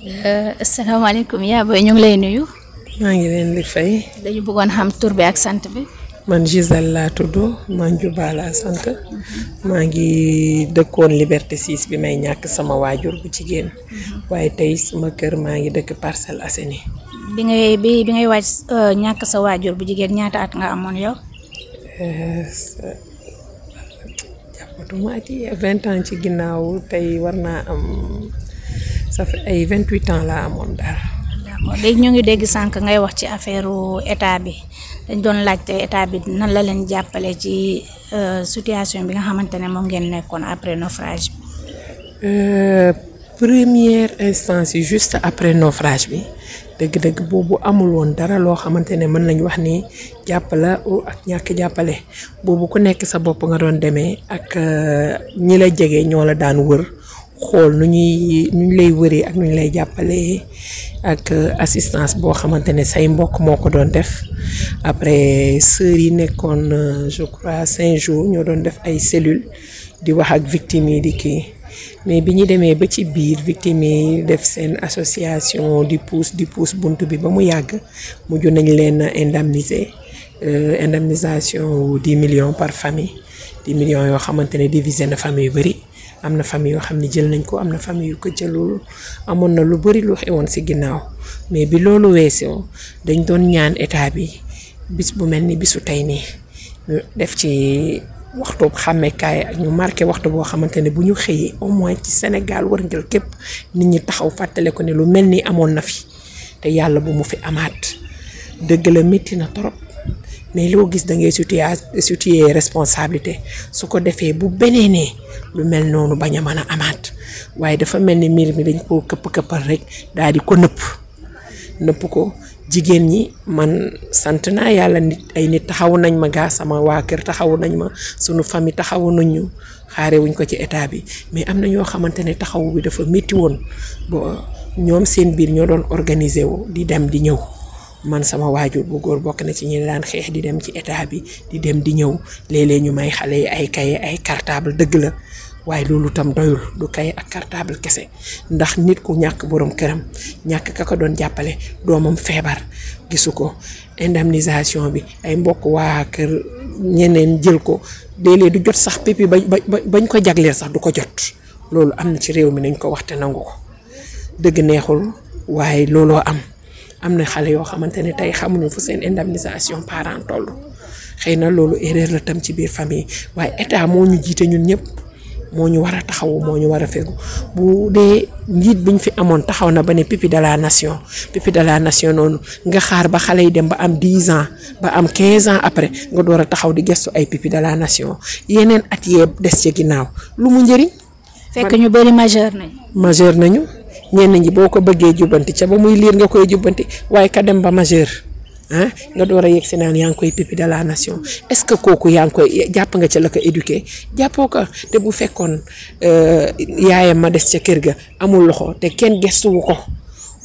Euh, asalaamaaleykum yaa booy ñu ngi lay nuyu. maa ngi leen di fay. dañu bëggoon xam tur bi ak sant bi. man Gisèle laa tudd man Juba laa sant. maa ngi dëkkoon Liberté 6 bi may ñàkk sama waajur bu jigéen. waaye tey suma kër maa ngi dëkk parcelle Assainies. bi ngay bi bi ngay waaj euh, ñàkk sa waajur bu jigéen ñaata at nga amoon yow. Euh, jàppatuma vingt ans ci ginnaaw tey war naa am. sa fait ay vingt huit ans laa amoon daal. d'accord léegi ñu ngi dégg sànq ngay wax ci affaire état bi dañ doon laajte état bi nan la leen jàppale ci euh, situation bi nga xamante ne moom ngeen nekkoon après naufrage bi. Euh, première instance yi juste après naufrage bi dëgg-dëgg boobu amul woon dara loo xamante ne mën nañu wax ni jàppala ak ñàkk jàppale boobu ku nekk sa bopp nga doon demee ak euh, ñi la jege ñoo la daan wër. xool nu ñuy nu ñu lay wëree ak nu ñu lay jàppalee ak euh, assistance boo xamante ne say mbokk moo ko doon def après sœurs yi nekkoon euh, je crois cinq jours ñoo doon def ay cellules di wax ak victimes yi di kii mais bi ñu demee ba ci biir victime yi def seen association di pousse di pousse bunt bi ba mu yàgg mujj nañ leen indemniser euh, indemnisation 10 millions par famille 10 millions yoo xamante ne divisé na famille yu bëri. am na famille yoo xam ne jël nañ ko am na famille yu ko jëlul amoon na lu bari lu xewoon si ginnaaw mais bi loolu weesoo dañ doon ñaan état bi bis bu mel ni bisu tey nii ñu def ci waxtu xàmmekaay ñu marqué waxtu boo xamante ne bu ñu xëyee au moins ci Sénégal wërngël képp nit ñi taxaw fàttale ko ne lu mel ni amoon na fi te yàlla bu mu fi amaat dëgg la métti na torop mais loo gis dangay ngay situé responsabilité su ko defee bu beneenee lu mel noonu bañ a mën a amaat waaye dafa mel ni mbir mi dañ ko këpp këppal rek daal di ko nëpp nëpp ko jigéen ñi man sant naa yàlla nit ay nit taxawu nañ ma gaa sama waa kër taxawu nañ ma sunu famille taxawu nañ ñu xaare wuñ ko ci état bi mais am na ñoo xamante ne taxawu bi dafa métti woon ba ñoom seen biir ñoo doon organiser wu di dem di ñëw. man sama waajur bu góor bokk na ci ñi daan xeex di dem ci état bi di dem di ñëw léeg ñu may xale yi ay kaye ay cartable dëgg la waaye loolu tam doyul du kaye ak cartable kese ndax nit ku ñàkk borom këram ñàkk ka ko doon jàppale doomam feebar gisu ko indemnisation bi ay mbokk waa kër ñeneen jël ko léeg du jot sax pipi ba bañ ko jagleel sax du ko jot loolu am na ci réew mi nañ ko waxte nangu ko dëgg neexul waaye looloo am am na xale yoo xamante ne tey xamuñu fu seen indemnisation parent toll xëy na loolu erreur la tam ci biir famille waaye état moo ñu jiite ñun ñëpp moo ñu war a taxawu moo ñu war a fegu bu dee njiit bi ñu fi amoon taxaw na ba ne pipi de la nation pipi de la nation noonu nga xaar ba xale yi dem ba am 10 ans ba am quinze ans après nga door a taxaw di gestu ay pipi de la nation yeneen at yee des ci ginnaaw lu mu njëriñ. fekk ñu bëri majeur nañu. ñenn ñi boo ko bëggee jubbanti ca ba muy liir nga koy jubbanti waaye ka dem ba majeur ah nga door a yegg si naan yaa ngi koy pipi de la nation est-ce que kooku yaa nga koy jàpp nga ca la ko éduqué jàppoo ko te bu fekkoon euh, yaayam ma des ca kër ga amul loxo te kenn gestuwu ko.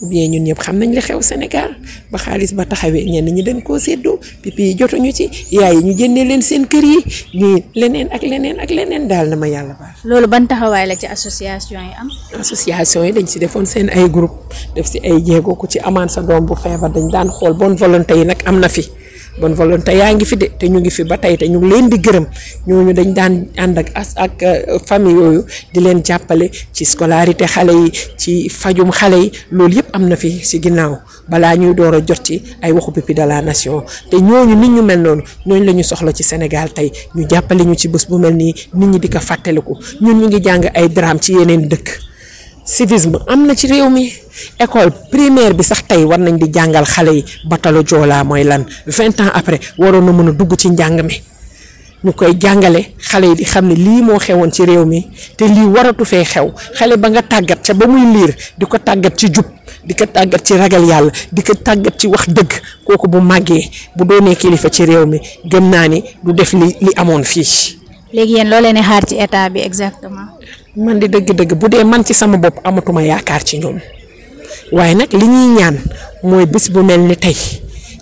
ou ñun ñëpp xam nañ li xew Sénégal ba xaalis ba taxawee ñenn ñi dañ koo séddoo pipi yi jotuñu ci yaay yi ñu génnee leen seen kër yi ñii leneen ak leneen ak leneen daal na ma yàlla baax loolu ban taxawaay la ci association yi am. association yi dañ si defoon seen ay groupe def si ay jéego ku ci amaan sa doom bu feebar dañ daan xool bon volonté yi nag am na fi. bonne volonté yaa ngi fi de te ñu ngi fi ba tey te ñu ngi leen di gërëm ñooñu dañ daan ànd ak as ak euh, famille yooyu di leen jàppale ci scolarité xale yi ci fajum xale yi loolu yëpp am na fi si ginnaaw balaa ñuy door a jot ci ay waxu pipi de la nation te ñooñu nit ñu mel noonu ñooñu la ñu soxla ci Sénégal tey ñu jàppale ñu ci bés bu mel nii nit ñi di fàttaliku ñun ñu ngi jàng ay drame ci yeneen dëkk. civisme am na ci réew mi école primaire bi sax tey war nañ di jàngal xale yi batalo joolaa mooy lan vingt ans après waroon na mën a dugg ci njàng mi ñu koy jàngale xale yi di xam ne lii moo xewoon ci réew mi te lii waratu fee xew xale ba nga tàggat ca ba muy liir di ko tàggat ci jub di ko tàggat ci ragal yàlla di ko tàggat ci wax dëgg kooku bu màggee bu doonee kilifa ci réew mi gëm naa ni du def li li amoon fii. léegi yéen loo leen xaar ci état bi exactement. man di deug deug budé man ci sama bopp amatuma yaakar ci ñoom waye nak li ñi ñaan moy bis bu melni tay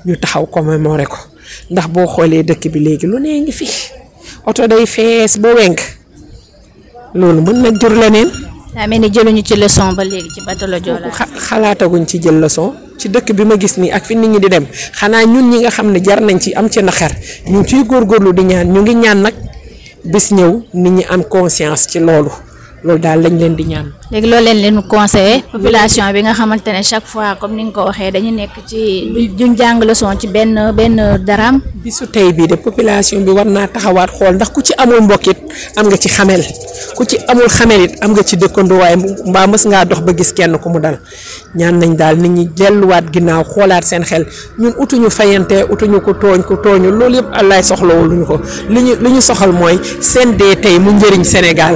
ñu taxaw commémoré ko ndax bo xolé dekk bi légui lu nee fi auto day fees bo wenk lolu mën na jur leneen. da melni ni jëluñu ci leçon ba légui ci batalo joola. xalaataguñ ci jël leçon ci dekk bi ma gis ni ak fi nit ñi di dem xana ñun ñi nga xam jar nañ ci am ci xer ñu ngi gor góorgóorlu di ñaan ñu ngi ñaan nak bis ñew nit ñi am conscience ci lolu loolu daal lañ leen di ñaan. léegi loolu leen leen conseillé population bi nga xamante ne chaque fois comme ni nga ko waxee dañu nekk ci duñ jàng leçon ci benn benn daraam. su tey bii de population bi war naa taxawaat xool ndax ku ci amul mbokkit am nga ci xamel ku ci amul xamel am nga ci dëkkandoo waaye mbaa mës ngaa dox ba gis kenn ku mu dal ñaan nañ daal nit ñi delluwaat ginnaaw xoolaat seen xel ñun utuñu fayante utuñu ko tooñ ko tooñu loolu yëpp àllaay soxlawul luñu ko li ñu li ñu soxal mooy seen mu njëriñ Sénégal.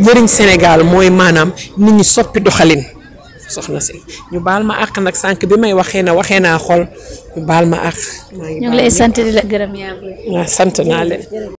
njëriñ Sénégal mooy maanaam nit ñi soppi doxalin soxna si ñu baal ma àq nag sànq bi may waxee na waxee naa xol ñu baal ma àq. maa ngi lay sant di la gërëm yaa ah, sant naa leen.